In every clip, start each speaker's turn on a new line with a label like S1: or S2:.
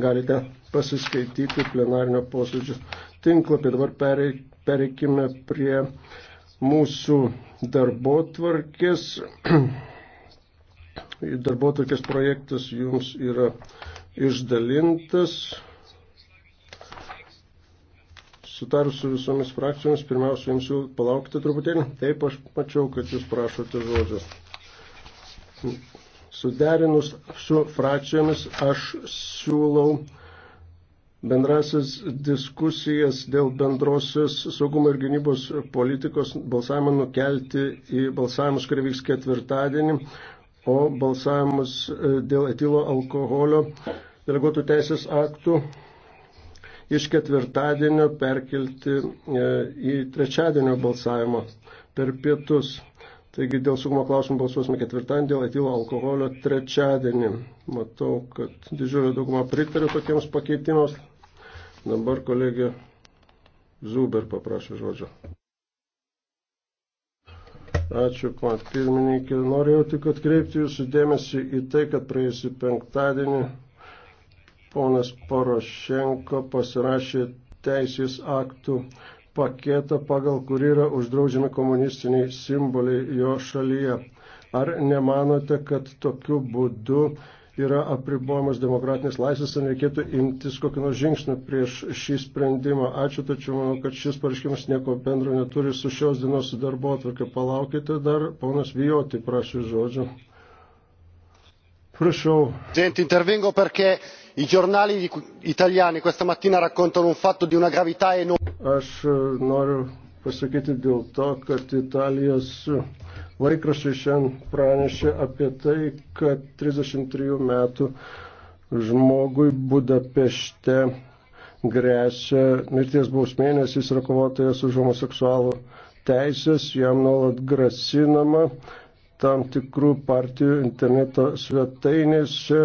S1: galite pasiskaityti plenarinio posėdžio tinklapį. Dabar pereikime prie mūsų darbo tvarkės. Darbo tvarkės projektas jums yra išdalintas. Sutarus su visomis frakcijomis, pirmiausia, jums jau palaukite truputėlį. Taip, aš mačiau, kad jūs prašote žodžio. Suderinus su frakcijomis aš siūlau bendrasis diskusijas dėl bendrosios saugumo ir gynybos politikos balsavimą nukelti į balsavimus, kurie vyks ketvirtadienį, o balsavimus e, dėl etilo alkoholio deleguotų teisės aktų iš ketvirtadienio perkelti e, į trečiadienio balsavimą per pietus. Taigi dėl saugumo klausimų balsuosime ketvirtadienį, dėl etilo alkoholio trečiadienį. Matau, kad didžiulio daugumą pritarė tokiems pakeitimams. Dabar kolegė Zuber paprašė žodžio. Ačiū, pat pirmininkė. Norėjau tik atkreipti jūsų dėmesį į tai, kad praėjusį penktadienį ponas Porošenko pasirašė teisės aktų paketą, pagal kurį yra uždraudžiami komunistiniai simboliai jo šalyje. Ar nemanote, kad tokiu būdu yra apribojamas demokratinės laisvės ir reikėtų imtis kokio nors žingsnio prieš šį sprendimą. Ačiū, tačiau manau, kad šis pareiškimas nieko bendro neturi su šios dienos darbo atvarkė. Palaukite dar, ponas Vijoti prašė žodžio. Prašau i giornali italiani questa mattina raccontano un fatto di una gravità enorme. Aš e, noriu pasakyti dėl to, kad Italijos laikrašiai šiandien pranešė apie tai, kad 33 metų žmogui Budapešte grėsia mirties bausmė, nes jis yra kovotojas už homoseksualų teisės, jam nuolat grasinama, tam tikrų partijų interneto svetainėse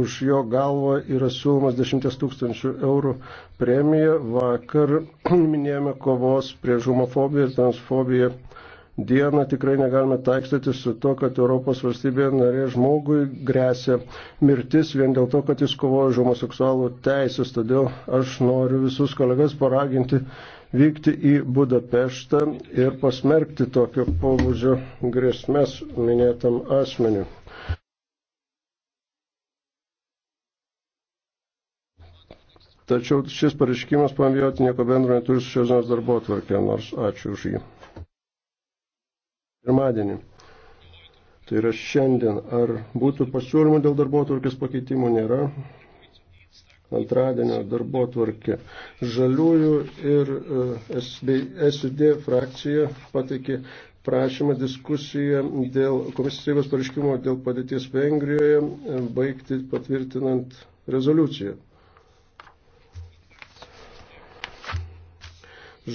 S1: už jo galvą yra siūlomas 10 tūkstančių eurų premija. Vakar minėjome kovos prieš homofobiją ir transfobiją dieną. Tikrai negalime taikstytis su to, kad Europos valstybėje narė žmogui grėsia mirtis vien dėl to, kad jis kovoja už homoseksualų teisės. Todėl aš noriu visus kolegas paraginti vykti į Budapeštą ir pasmerkti tokio pobūdžio grėsmės minėtam asmeniu. Tačiau šis pareiškimas pamvijoti nieko bendro neturi su šios dienos darbo tvarkė, nors ačiū už jį. Pirmadienį. Tai yra šiandien. Ar būtų pasiūlymų dėl darbo tvarkės pakeitimų? Nėra antradienio darbo tvarkė. Žaliųjų ir e, SUD frakcija pateikė prašymą diskusiją dėl komisijos pareiškimo dėl padėties Vengrijoje e, baigti patvirtinant rezoliuciją.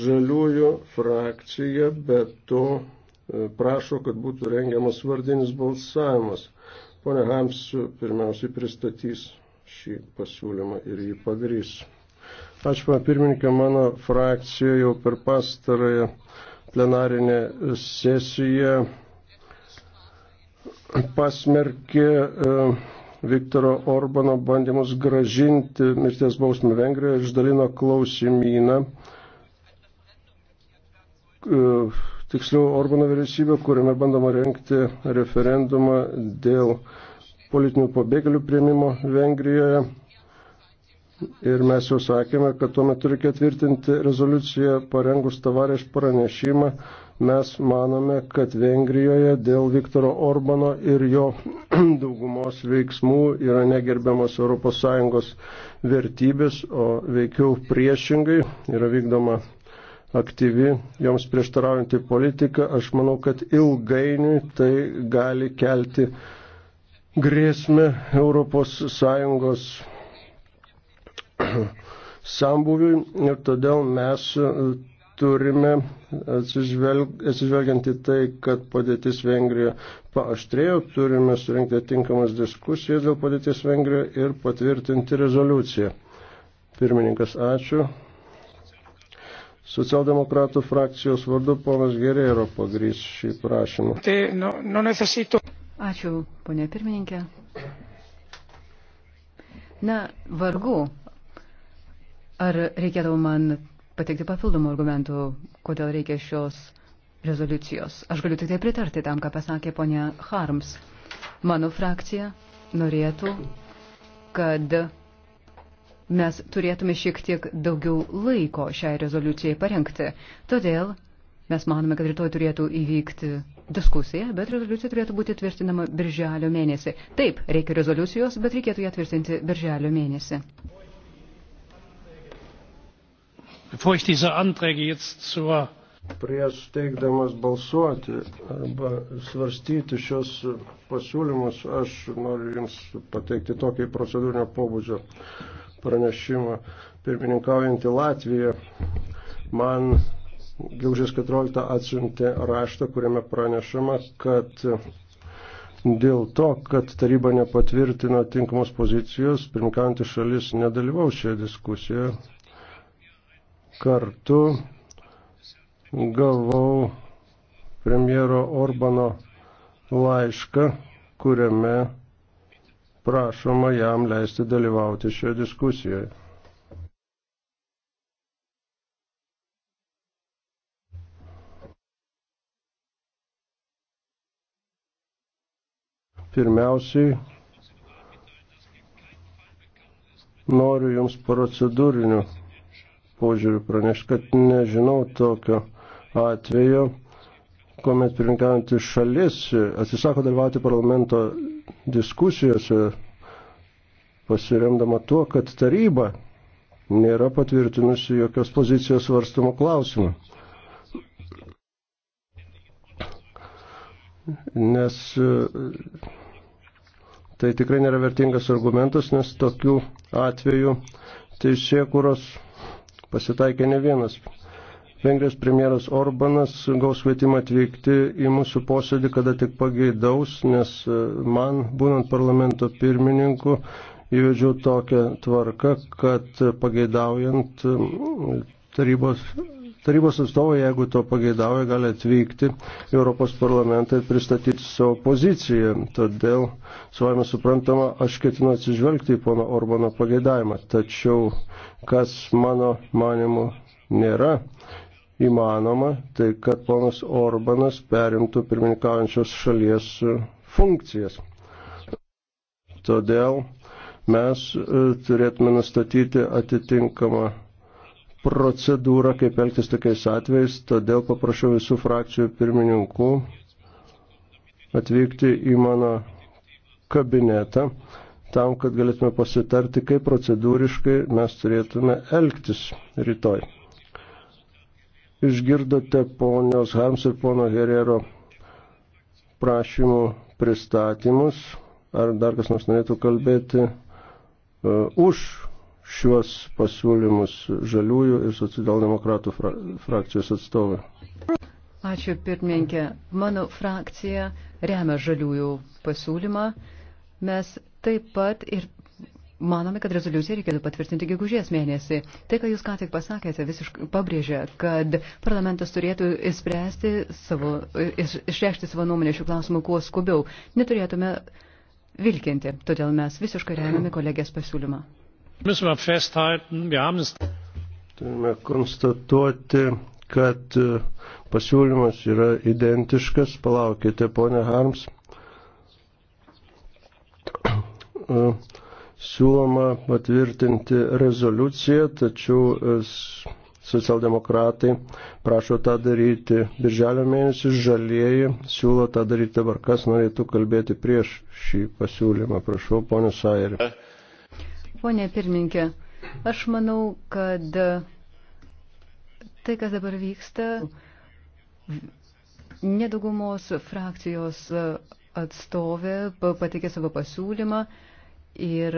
S1: Žaliųjų frakcija be to e, prašo, kad būtų rengiamas vardinis balsavimas. Pone Hams pirmiausiai pristatys šį pasiūlymą ir jį pagrys. Ačiū, pirmininkė, mano frakcija jau per pastarąją plenarinę sesiją pasmerkė e, Viktoro Orbano bandymus gražinti mirties bausmę Vengrijoje ir išdalino klausimyną. E, tiksliau, Orbano vyriausybė, kuriame bandoma renkti referendumą dėl politinių pabėgėlių prieimimo Vengrijoje. Ir mes jau sakėme, kad tuo metu reikia tvirtinti rezoliuciją parengus tavarės pranešimą. Mes manome, kad Vengrijoje dėl Viktoro Orbano ir jo daugumos veiksmų yra negerbiamas ES vertybės, o veikiau priešingai yra vykdoma aktyvi, joms prieštaraujanti politika. Aš manau, kad ilgainiui tai gali kelti grėsmę ES sambuviui ir todėl mes e, turime, atsižvelgiant į tai, kad padėtis Vengrijoje paaštrėjo, turime surinkti atinkamas diskusijas dėl padėties Vengrijoje ir patvirtinti rezoliuciją. Pirmininkas, ačiū. Socialdemokratų frakcijos vardu ponas Gerėro pagrys šį prašymą.
S2: Tai, no, nu, no nu necesito. Ačiū, ponė pirmininkė. Na, vargu, ar reikėdavo man pateikti papildomų argumentų, kodėl reikia šios rezoliucijos. Aš galiu tik tai pritarti tam, ką pasakė ponia Harms. Mano frakcija norėtų, kad mes turėtume šiek tiek daugiau laiko šiai rezoliucijai parengti. Todėl Mes manome, kad rytoj turėtų įvykti diskusija, bet rezoliucija turėtų būti tvirtinama birželio mėnesį. Taip, reikia rezoliucijos, bet reikėtų ją tvirtinti birželio mėnesį.
S1: Prieš teikdamas balsuoti arba svarstyti šios pasiūlymus, aš noriu Jums pateikti tokį procedūrinio pobūdžio pranešimą. Pirmininkaujantį Latviją man Gilžės 14 atsiuntė raštą, kuriame pranešama, kad dėl to, kad taryba nepatvirtino tinkamos pozicijos, pirmkantį šalis nedalyvaus šioje diskusijoje. Kartu gavau premjero Orbano laišką, kuriame prašoma jam leisti dalyvauti šioje diskusijoje. Pirmiausiai noriu Jums procedūriniu požiūriu pranešti, kad nežinau tokio atvejo, kuomet pirmininkaujantį šalis atsisako dalyvauti parlamento diskusijose, pasiremdama tuo, kad taryba nėra patvirtinusi jokios pozicijos svarstamų klausimų. Nes Tai tikrai nėra vertingas argumentas, nes tokių atvejų teisėkuros pasitaikė ne vienas. Vengrijos premjeras Orbanas gaus kvietimą atvykti į mūsų posėdį, kada tik pageidaus, nes e, man, būnant parlamento pirmininku, įvedžiau tokią tvarką, kad e, pageidaujant tarybos tarybos atstovai, jeigu to pageidauja, gali atvykti į Europos parlamentą ir pristatyti savo poziciją. Todėl, savame suprantama, aš ketinu atsižvelgti į pono Orbano pageidavimą. Tačiau, kas mano manimu nėra įmanoma, tai kad ponas Orbanas perimtų pirmininkaujančios šalies funkcijas. Todėl mes e, turėtume nustatyti atitinkamą procedūrą, kaip elgtis tokiais atvejais, todėl paprašiau visų frakcijų pirmininkų atvykti į mano kabinetą tam, kad galėtume pasitarti, kaip procedūriškai mes turėtume elgtis rytoj. Išgirdote ponios Hams ir pono Herero prašymų pristatymus. Ar dar kas nors norėtų kalbėti uh, už šiuos pasiūlymus žaliųjų ir socialdemokratų fra frakcijos atstovai.
S2: Ačiū pirmininkė. Mano frakcija remia žaliųjų pasiūlymą. Mes taip pat ir manome, kad rezoliuciją reikėtų patvirtinti gegužės mėnesį. Tai, ką jūs ką tik pasakėte, visiškai pabrėžia, kad parlamentas turėtų išspręsti savo, iš, išreikšti savo nuomonę šių klausimų kuo skubiau. Neturėtume vilkinti, todėl mes visiškai remiame kolegės pasiūlymą.
S3: Turime konstatuoti, kad
S1: e, pasiūlymas yra identiškas. Palaukite, ponė Harms. E, siūloma patvirtinti rezoliuciją, tačiau e, socialdemokratai prašo tą daryti birželio mėnesį, žalieji siūlo tą daryti dabar. Kas norėtų kalbėti prieš šį pasiūlymą? Prašau, ponė Sairė.
S2: Pone pirmininkė, aš manau, kad tai, kas dabar vyksta, nedaugumos frakcijos atstovė patikė savo pasiūlymą ir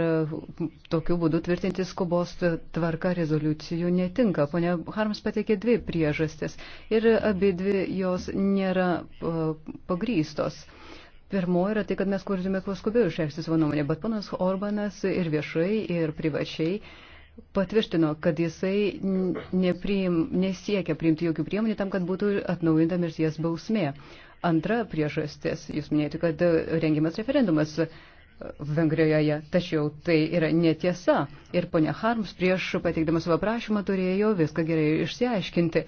S2: tokiu būdu tvirtinti skubos tvarka rezoliucijų netinka. Pone Harms pateikė dvi priežastis ir abi dvi jos nėra pagrystos. Pirmoji yra tai, kad mes turime kuo skubiau išreikšti savo nuomonę, bet panas Orbanas ir viešai, ir privačiai patvirtino, kad jisai nepriim, nesiekia priimti jokių priemonių tam, kad būtų atnaujinta mirties bausmė. Antra priežastis, jūs minėjote, kad rengiamas referendumas Vengrijoje, tačiau tai yra netiesa. Ir ponia Harms prieš pateikdama savo prašymą turėjo viską gerai išsiaiškinti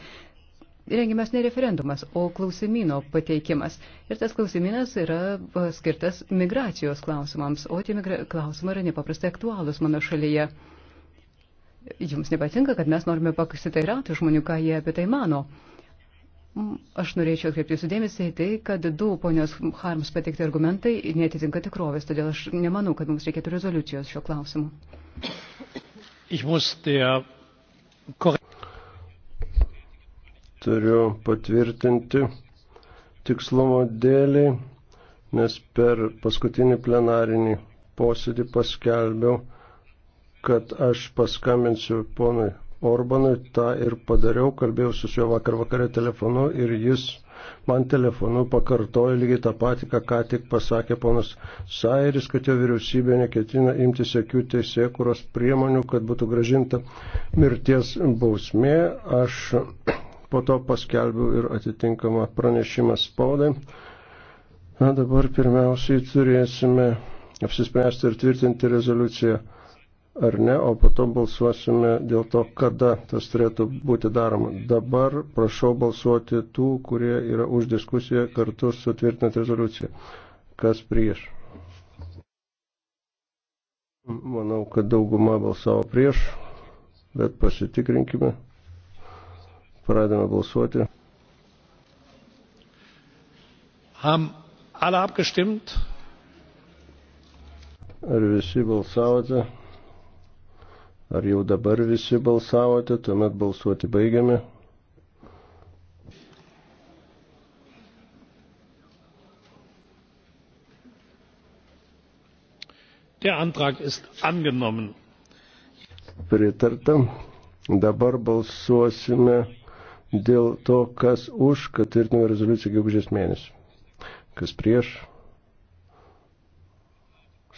S2: rengiamas ne referendumas, o klausimino pateikimas. Ir tas klausimynas yra skirtas migracijos klausimams, o tie migra... klausimai yra nepaprastai aktualūs mano šalyje. Jums nepatinka, kad mes norime pasitairauti žmonių, ką jie apie tai mano. Aš norėčiau atkreipti sudėmesį į tai, kad du ponios Harms pateikti argumentai netitinka tikrovės, todėl aš nemanau, kad mums reikėtų rezoliucijos šio klausimu.
S3: Ich muss der
S1: turiu patvirtinti tikslumo dėliai, nes per paskutinį plenarinį posėdį paskelbiau, kad aš paskambinsiu ponui Orbanui, tą ir padariau, kalbėjau su juo vakar vakare telefonu ir jis man telefonu pakartojo lygiai tą patį, ką ką tik pasakė ponas Sairis, kad jo vyriausybė neketina imtis jokių teisėkuros priemonių, kad būtų gražinta mirties bausmė. Aš po to paskelbiu ir atitinkamą pranešimą spaudai. Na dabar pirmiausiai turėsime apsispręsti ir tvirtinti rezoliuciją ar ne, o po to balsuosime dėl to, kada tas turėtų būti daroma. Dabar prašau balsuoti tų, kurie yra už diskusiją kartu su tvirtinant rezoliuciją. Kas prieš? Manau, kad dauguma balsavo prieš, bet pasitikrinkime. Pradame balsuoti.
S3: Ham alle abgestimmt?
S1: Ar visi balsavote? Ar jau dabar visi balsavote? Tuomet balsuoti baigiame.
S3: Der Antrag ist angenommen.
S1: Pritarta. Dabar balsuosime dėl to, kas už, kad tvirtiname rezoliuciją gegužės mėnesį. Kas prieš,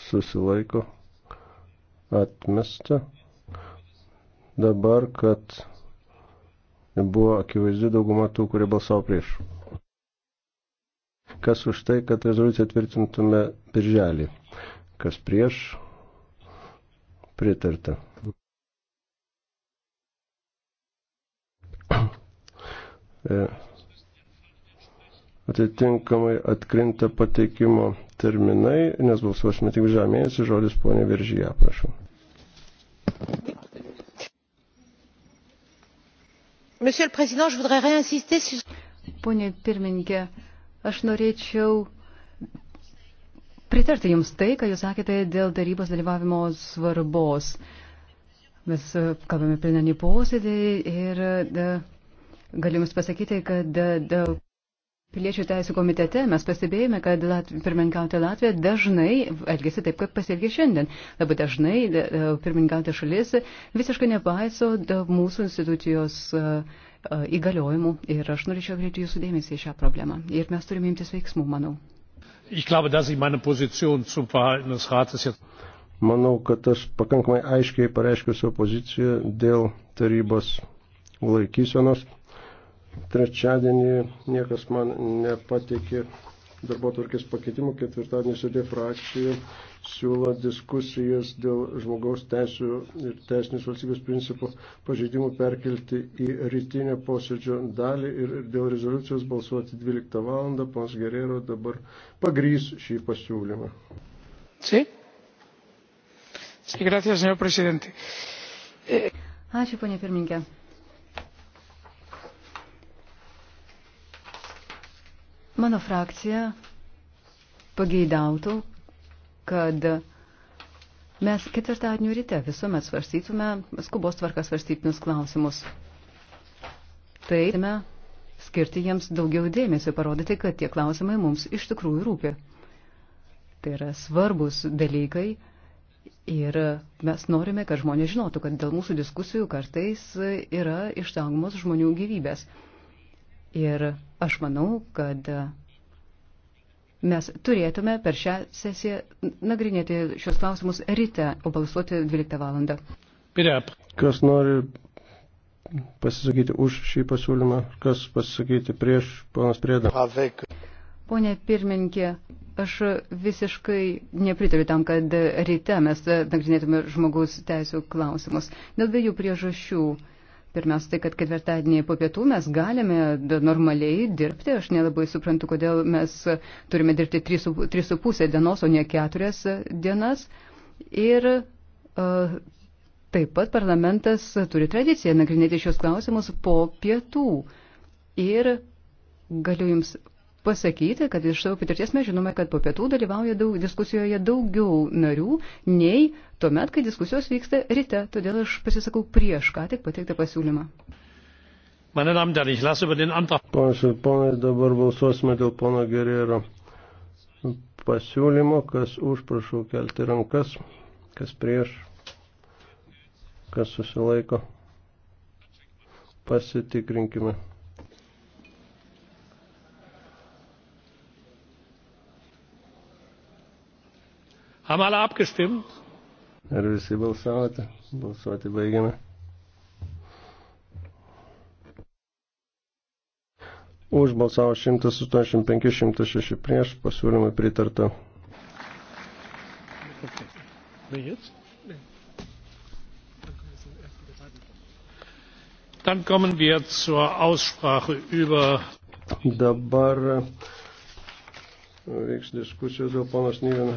S1: susilaiko, atmesta. Dabar, kad buvo akivaizdi dauguma tų, kurie balsavo prieš. Kas už tai, kad rezoliuciją tvirtintume birželį? Kas prieš? Pritarta. E, atitinkamai atkrinta pateikimo terminai, nes balsuosime tik žemėsi, žodis ponė Viržyje, prašau.
S2: Monsieur le Président, je voudrais réinsister sur... Pone pirmininkė, aš norėčiau pritarti Jums tai, ką Jūs sakėte dėl darybos dalyvavimo svarbos. Mes e, kalbame plenarį posėdį ir... De, Galiu Jums pasakyti, kad da, piliečių teisų komitete mes pastebėjome, kad Lat... pirmininkauti Latvija dažnai elgesi taip, kaip pasielgia šiandien. Labai dažnai pirmininkauti šalis visiškai nepaiso mūsų institucijos įgaliojimų ir aš norėčiau kreipti Jūsų dėmesį į šią problemą. Ir mes turime imtis veiksmų, manau.
S1: Manau, kad aš pakankamai aiškiai pareiškiu savo poziciją dėl tarybos laikysenos. Trečiadienį niekas man nepatikė darbo tvarkės pakeitimų, ketvirtadienį sėdė frakcija siūlo diskusijas dėl žmogaus teisų ir teisinės valstybės principų pažeidimų perkelti į rytinę posėdžio dalį ir dėl rezoliucijos balsuoti 12 val. Pons Gerero dabar pagrys šį pasiūlymą.
S3: Sí. Sí, gracias, señor presidente.
S2: Eh, Ačiū, ponė pirmininkė. Mano frakcija pageidautų, kad mes ketvirtadienio ryte visuomet svarstytume skubos tvarkas svarstytinius klausimus. Taip, skirti jiems daugiau dėmesio, parodyti, kad tie klausimai mums iš tikrųjų rūpi. Tai yra svarbus dalykai ir mes norime, kad žmonės žinotų, kad dėl mūsų diskusijų kartais yra išsaugomos žmonių gyvybės. Ir aš manau, kad mes turėtume per šią sesiją nagrinėti šios klausimus ryte, o balsuoti 12 valandą.
S1: Kas nori pasisakyti už šį pasiūlymą, kas pasisakyti prieš, ponas Prėda?
S2: Pone pirmininkė, aš visiškai nepritariu tam, kad ryte mes nagrinėtume žmogus teisų klausimus. Dėl dviejų priežasčių. Pirmiausia, tai, kad ketvirtadienį po pietų mes galime normaliai dirbti. Aš nelabai suprantu, kodėl mes turime dirbti 3,5 dienos, o ne 4 dienas. Ir uh, taip pat parlamentas turi tradiciją nagrinėti šios klausimus po pietų. Ir galiu Jums pasakyti, kad iš savo patirties mes žinome, kad po pietų dalyvauja daug, diskusijoje daugiau narių nei tuomet, kai diskusijos vyksta ryte. Todėl aš pasisakau prieš ką tik pateiktą pasiūlymą.
S3: Meine Damen und Herren, ich lasse über den Antrag.
S1: Ponas ir ponai, dabar balsuosime dėl pono Gerėro pasiūlymo, kas už, prašau kelti rankas, kas prieš, kas susilaiko. Pasitikrinkime.
S3: Haben alle abgestimmt?
S1: Ar visi balsavote? Balsuoti baigiame. Už balsavo 185-106 prieš, pasiūlymai pritarta.
S3: Dann kommen wir zur Aussprache
S2: über. Dabar äh, vyks diskusijos dėl ponos Nyvino